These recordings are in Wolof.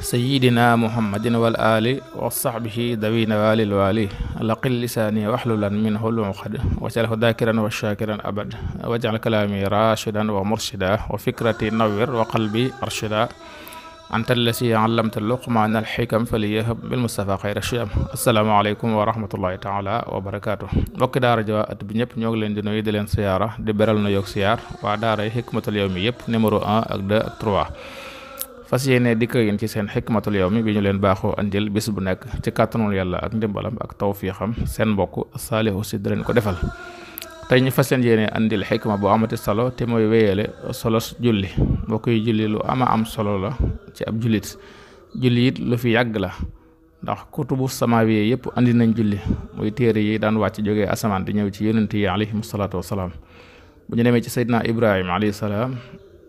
sayidina muhammadin wal ali wa sahbihi dawina walil wali laqil lisaani waxlulan min huluqad wajalhu dakiran wa shakiran abad wajal kalaami rashidan wa murshida wa fikrati nawir wa qalbi arshida anta allasi allamta luqmaan alxikam faliyahab bil mustafa xayra shiyam assalaamu aleykum wa rahmatullahi taala wa barakaatu mbokki daara ji waa at bi ñëpp ñoo ngi leen di nuyu di leen siyaara di beral na yoog siyaar waa daara yi xikmatul yawmi yëpp numéro 1 ak 2 ak 3 fas yéene dikk yéen ci seen xikmatul yawmi bi ñu leen baaxoo andil bis bu nekk ci kàttanul yàlla ak ndimbalam ak tawfiixam seen mbokk Saliou Sy da leen ko defal tey ñu fas yéene andil xikma bu amati solo te mooy wéyale solo julli mbokk yi julli lu ama am solo la ci ab jullit julli it lu fi yàgg la ndax sama samaawiye yëpp indi nañ julli muy téere yi daan wàcc jógee asamaan di ñëw ci yonent yi alayhim salaatu wasalaam bu ñu demee ci seydina ibrahima alayhi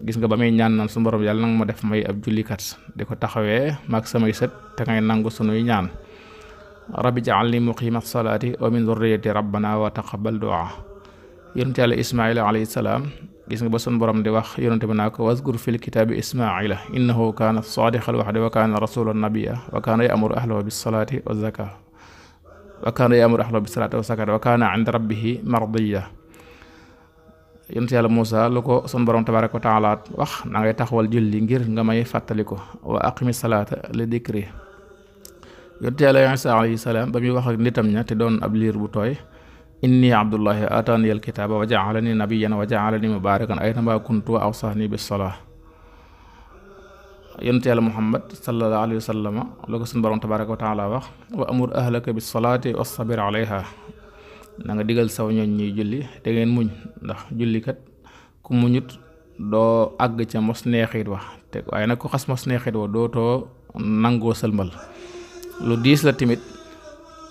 gis nga ba muy ñaan naan suñu borom yàlla nanga ma def may ab jullikat di ko taxawee maag samay sët te ngay nangu sunuy ñaan rabbi ja'alni muqimat salaati wa min dhurriyyati rabbana wa taqabbal du'a yonent yàlla ismaila alayhi salaam gis nga ba suñu borom di wax yonent bi naa ko wazkur fil kitaabi ismaila innahu kaana saadiqal wa'di wa kaana rasulan nabiyya wa kaana ya'muru ahlahu bis salaati wa zakaa wa kaana ya'muru ahlahu bis salaati wa zakaa wa kaana 'inda rabbihi mardiyya yonent yàlla Muusa lu ko sun borom tabaaraka wa taala wax na taxawal julli ngir nga may fàttali ko wa aqimi salaata li dikri yonent yàlla Isa salaam ba muy wax ak nitam ña te doon ab liir bu tooy inni abdullahi ataani al kitaaba wa jaalani nabiyyan wa jaalani mubaarakan aynama kuntu wa awsaani bis salaa yonent yàlla Muhammad sallallahu alayhi wa sallam lu na nga digal saw ñooñ ñuy julli te ngeen muñ ndax jullikat ku muñut doo àgg ca mos neexit wax te waaye nag ku xas mos neexit wa dootoo nangoo sëlmal lu diis la tamit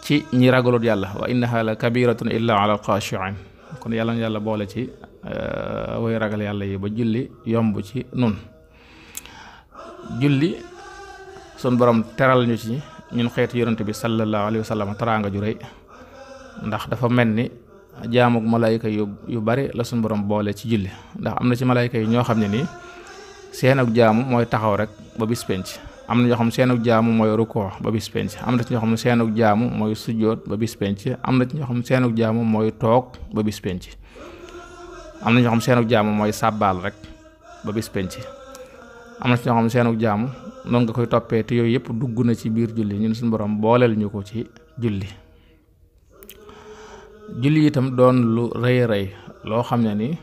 ci ñi ragalut yàlla wa innaha la kabiratun illa ala alxaashiin kon yàlla na yàlla boole ci eh, way ragal yàlla yi ba julli yomb ci nun julli sun borom teral ñu ci ñun xeetu yonent bi sallallahu alayhi wa sallam ju rëy ndax dafa mel ni jaamu malaayka yu yu bari la suñ borom boole ci julli ndax am na ci malaayka yi ñoo xam ne nii seenug jaamu mooy taxaw rek ba bis am na ñoo xam seenug jaamu mooy rukkoo ba am na ci ñoo xam seenug jaamu mooy sujjoot ba bis penc am na ci ñoo xam seenug jaamu mooy toog ba bis penc am na ñoo xam seenug jaamu mooy sàbbaal rek ba bis penc am na ci ñoo xam seenug jaamu noonu nga koy toppee te yooyu yëpp dugg na ci biir julli ñun suñu borom booleel ñu ko ci julli julli itam doon lu rëy rëy loo xam ne ni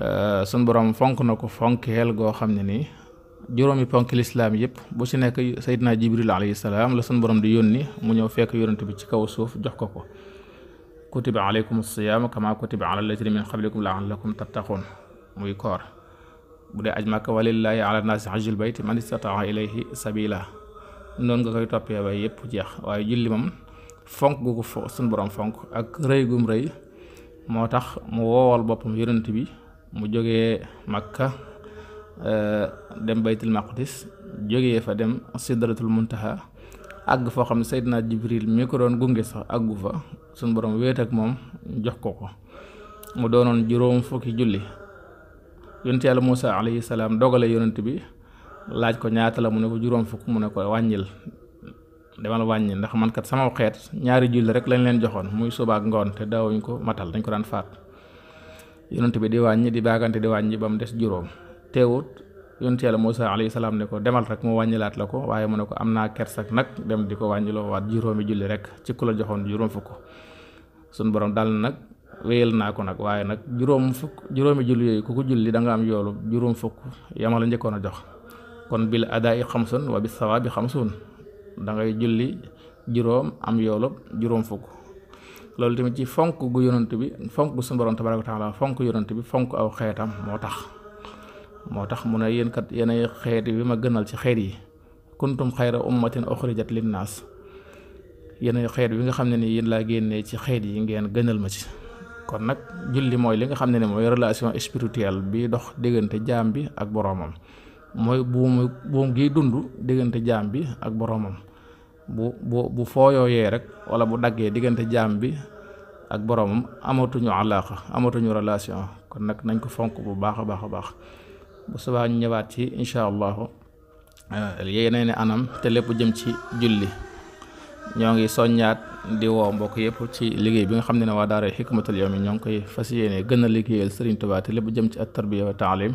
euh, sun borom fonk na ko fonkeel goo xam ne ni juróomi ponk lislaam yëpp bu si nekk seyd Seydina Jibril alayhi salaam la sun borom di yónni mu ñëw fekk yonent bi ci kaw suuf jox ko ko kutiba alaykum siyaam kama kutiba ala lazina la qablikum laallakum tattaqun muy koor bu dee aj màkka walillaahi ala naasi hajjul bayti man istataa ilayhi sabila noonu nga koy toppee ba yëpp jeex waaye julli moom fonk gu ko fo suñu fonk ak rëy gum rëy moo tax mu woowal boppam yonent bi mu jógee Makka euh, dem baytul maqdis jógee fa dem sidratul muntaha àgg foo xam ne Seydina Jibril mi ko doon gunge sax àggu fa suñ borom wéet ak moom jox ko ko mu doonoon juróom fukki julli yonent yàlla Muusa alayhi salaam dogale yonent bi laaj ko ñaata la mu ne ko juróom fukk mu ne ko wàññil demal wàññi ndax mankat kat sama xeet ñaari julli rek lañ leen joxoon muy suba ngoon te daawuñ ko matal dañ ko daan faat yonent bi di wàññi di baagante di wàññi ba mu des juróom teewut yonent la Muusa alayhi salaam ne ko demal rek mu wàññilaat la ko waaye mu ne ko am naa kersak nag dem di ko wàññiloo waat juróomi julli rek ci ku la joxoon juróom fukk sun borom dal nag wéyal naa ko nag waaye nag juróom fukk juróomi julli yooyu ku ko julli da nga am yoolu juróom fukk yama la njëkkoon a jox kon bil adaa i xamsun wa bi sawaabi xamsun da ngay julli juróom am yoolub juróom fukk loolu tamit ci fonk gu yonant bi fonk gu suñu borom tabaraka taala fonk yonant bi fonk aw xeetam moo tax moo tax mun a yéen kat yéenay xeet bi ma gënal ci xeet yi kuntum xayra ummatin uxrijat linnaas yeneen xeet bi nga xam ne ni yéen laa génnee ci xeet yi ngeen gënal ma ci kon nag julli mooy li nga xam ne ni mooy relation spirituelle bi dox diggante jaam bi ak boroomam mooy buum buum gi dund diggante jaam bi ak boroomam bu bu bu fooyooyee rek wala bu daggee diggante jaam bi ak boroomam amatuñu alaaqa amatuñu relation kon nag nañ ko fonk bu baax a baax a baax bu subaa ñu ñëwaat ci incha allahu euh, yeneen anam te lépp jëm ci julli ñoo ngi soññaat di woo mbokk yëpp ci liggéey bi nga xam ne ne waa daara Hikmatul Yawmi ñoo ngi koy fas yéene gën a liggéeyal Serigne Touba te lépp jëm ci ak tarbiya wa taalim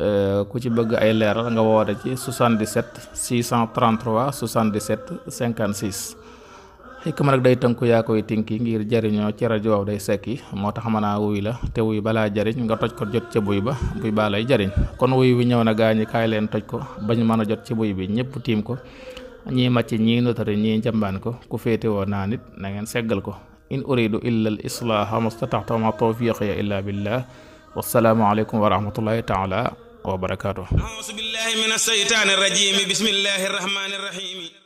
Euh, ku ci bëgg ay leeral nga woote ci 77 633 77 56 xikma nag day tënku yaa koy yi ngir jariñoo ci rajo waaw day sekki moo tax mën a wuy la te wuy balaa jariñ nga toj ko jot ca buy ba buy baa lay jariñ kon wuy wi ñëw na gaañi kaay leen toj ko bañ mën a jot ci buy bi ñëpp tiim ko ñii màcc ñii notari ñii njambaan ko ku féete woo naa nit na ngeen seggal ko in uridu illa al islaaha mastataxta ma tawfiqiya illa wasalaamualeykum wa rahmatullahi taala wa barakaatu. auzu billahi min asheytaani rajim bismillahi rahmaani rahim